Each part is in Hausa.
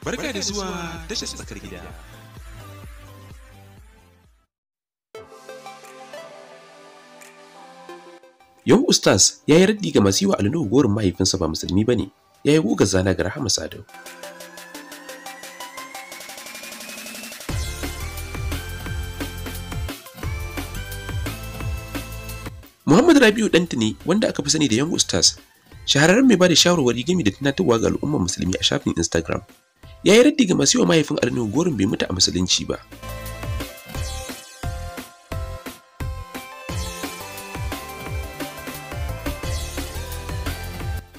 Barka da zuwa tashar tsakar gida. Yau Ustaz ya yi raddi ga masu yi wa Alinuhu gorin mahaifinsa ba musulmi ba ne, ya yi guga zana ga Rahama Sadau. Muhammad Rabiu ɗanta ne wanda aka fi sani da Young Ustaz, shahararren mai ba da shawarwari game da tunatarwa ga al'ummar musulmi a shafin Instagram. ya yi raddi ga masu yawa mahaifin Arno gorin bai mutu a musulunci ba.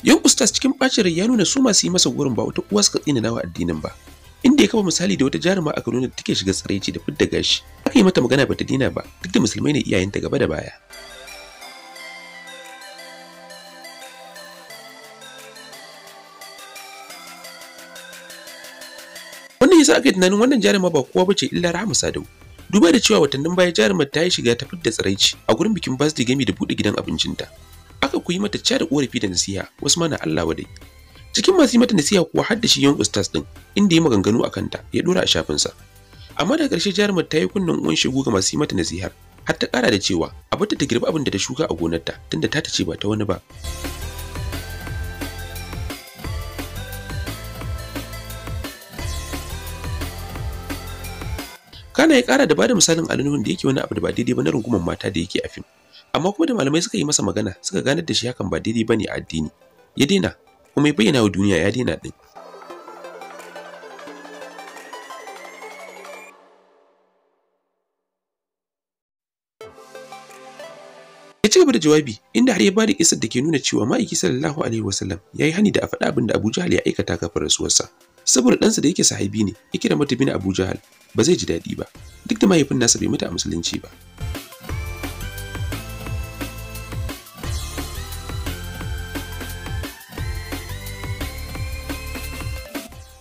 Yan Ustas cikin ɓacin rai ya nuna su masu yi masa gorin ba wata uwa suka nawa addinin ba. Inda ya kafa misali da wata jaruma a Kaduna da take shiga tsaraici da fidda gashi. Aka yi mata magana bata dina ba duk da musulmai ne iyayenta gaba da baya. yasa aka yi tunanin wannan jarumar ba kowa bace illa Rahama Sadau. Duba da cewa watannin baya jarumar ta yi shiga ta fidda tsiraici a gurin bikin birthday game da buɗe gidan abincinta. Aka kuyi mata ca da korafi da nasiha wasu mana Allah wadai. Cikin masu yi mata nasiha kuwa har da shi yan ustaz din inda ya maganganu a kanta ya dora a shafinsa. Amma da ƙarshe jarumar ta yi kunnen uwan shigo ga masu yi mata nasihar har ta ƙara da cewa a ta girbi abin da ta shuka a gonarta tunda ta ta ce ba ta wani ba. kana ya kara da bada misalin alinuhun da yake wani abu da ba daidai ba na rungumar mata da yake a fim amma kuma da malamai suka yi masa magana suka ganar da shi hakan ba daidai bane a addini ya daina kuma ya bayyana wa duniya ya daina din ya ci gaba da jawabi inda har ya bada kisar da ke nuna cewa ma'aiki sallallahu alaihi wasallam ya yi hani da a faɗa abin da abu jahal ya aikata kafin rasuwarsa saboda ɗansa da yake sahibi ne yake da matabi na Abuja-Hal, ba zai ji daɗi ba duk da mahaifin nasa bai mutu a musulunci ba.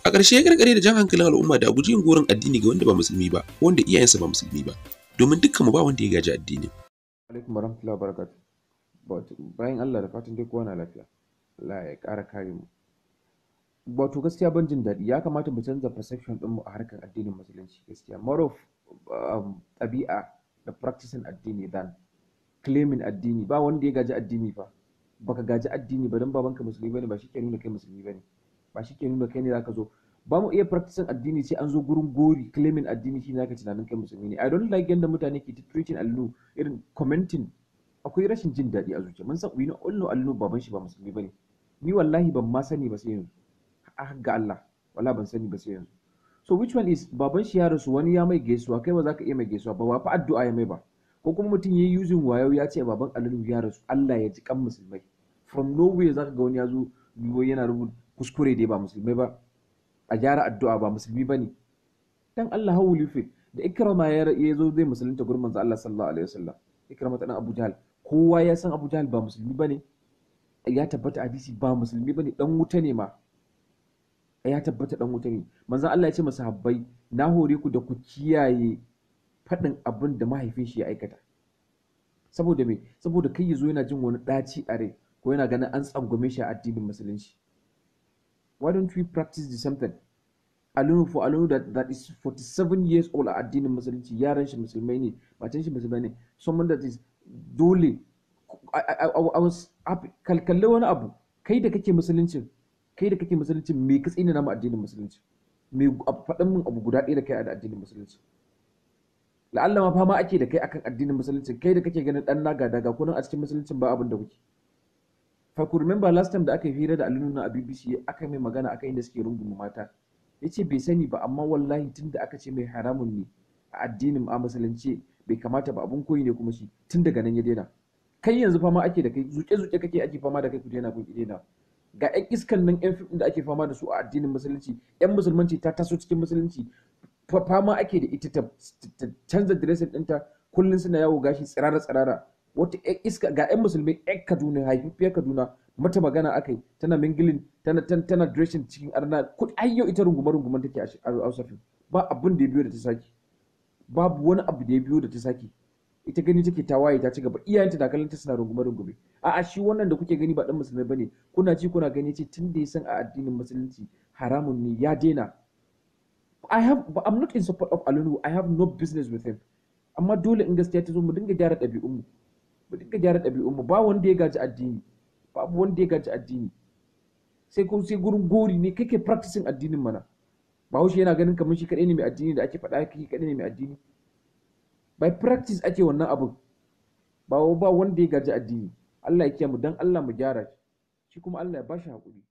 A ƙarshe ya ƙarƙare da jan hankalin al'umma da guji yin goron addini ga wanda ba musulmi ba, wanda iyayensa ba musulmi ba, domin dukkan mu ba wanda ya gaji addini. Alaikum Allah da fatan duk wani lafiya. ya ƙara kare mu. wato gaskiya ban jin daɗi ya kamata mu canza perception din mu a harkar addinin musulunci gaskiya more of um, ɗabi'a da practicing addini than claiming addini ba wanda ya gaji addini fa baka gaji addini ba dan babanka musulmi bane ba shi ke nuna kai musulmi bane ba shi ke nuna kai ne zaka zo ba mu iya practicing addini sai an zo gurin gori claiming addini shi ne zaka tunanin kai musulmi ne i don't like yanda mutane ke treating allu irin commenting akwai rashin jin daɗi a zuciya mun san we know allu allu baban shi ba musulmi bane ni wallahi ban ma sani ba sai yanzu ah ga Allah wala ban sani ba sai yanzu so which one is baban shi ya rasu wani ya mai gaisuwa kai ba za ka iya mai gaisuwa ba ba fa addu'a ya mai ba ko kuma mutum ya yi using wayo ya ce baban alalu ya rasu Allah ya ji kan musulmai from nowhere za ka ga wani ya zo yana rubuta kuskure dai ba musulmai ba a gyara addu'a ba musulmi ba ne dan Allah how da ikrama ya zo zai musulunta gurin manzo Allah sallallahu alaihi wasallam ikrama ta dan Abu Jahl kowa ya san Abu Jahl ba musulmi bane ya tabbata hadisi ba musulmi bane dan wuta ne ma Eh, ya tabbata dan wuta ne manzo Allah ya ce masa habbai na hore ku da ku kiyaye faɗin abin da mahaifin shi ya aikata saboda me saboda kai yazo yana jin wani ɗaci a rai ko yana ganin an tsangwame shi a addinin musulunci why don't we practice the same thing alunu for alunu that, that is 47 years old a addinin musulunci yaran shi musulmai ne matan shi musulmai ne someone that is dole I, I, I, I was kalkalle wani abu kai da kake musuluncin kai da kake musulunci me ka tsini na addinin musulunci me faɗin min abu guda ɗaya da kai a addinin musulunci la'alla ma fama ake da kai akan addinin musulunci kai da kake ganin dan naga daga kunan a cikin musulunci ba abin da kuke fa ku remember last time da aka yi hira da alunan a BBC aka mai magana akan inda suke rungume mata yace bai sani ba amma wallahi tunda aka ce mai haramun ne a addinin a musulunci bai kamata ba abun koyi ne kuma shi tun daga nan ya daina kai yanzu fama ake da kai zuke zuke kake ake fama da kai ku daina kun daina ga yan iskan nan yan fim da ake fama da su a addinin musulunci yan musulmanci ta taso cikin musulunci fama ake da ita ta canza dressing ɗinta kullum suna yawo gashi tsirara tsirara wata iska ga yan musulmi yan kaduna haifafiyar kaduna mata magana akai tana mingilin tana tana cikin arna kudi ayyo ita runguma runguman take a Hausa ba abin da ya biyo da ta saki babu wani abu da ya biyo da ta saki ita gani take ta waye ta ci gaba iyayenta na kallon suna rungume rungume a'a shi wannan da kuke gani ba dan musulmi bane kuna ci kuna gani ce tun da ya san a addinin musulunci haramun ne ya daina I have I'm not in support of Alunu I have no business with him amma dole in gaskiya ta zo mu dinga gyara ɗabi'un mu mu dinga gyara ɗabi'un mu ba wanda ya gaji addini Ba wanda ya gaji addini sai kun sai gurin gori ne kake practicing addinin mana Ba bahaushe yana ganin kamar shi kaɗai ne mai addini da ake faɗa kake kaɗai ne mai addini by practice ake wannan abu ba ba wanda ya gaji addini Allah ya kiyamu dan Allah mu gyara shi kuma Allah ya bashi hakuri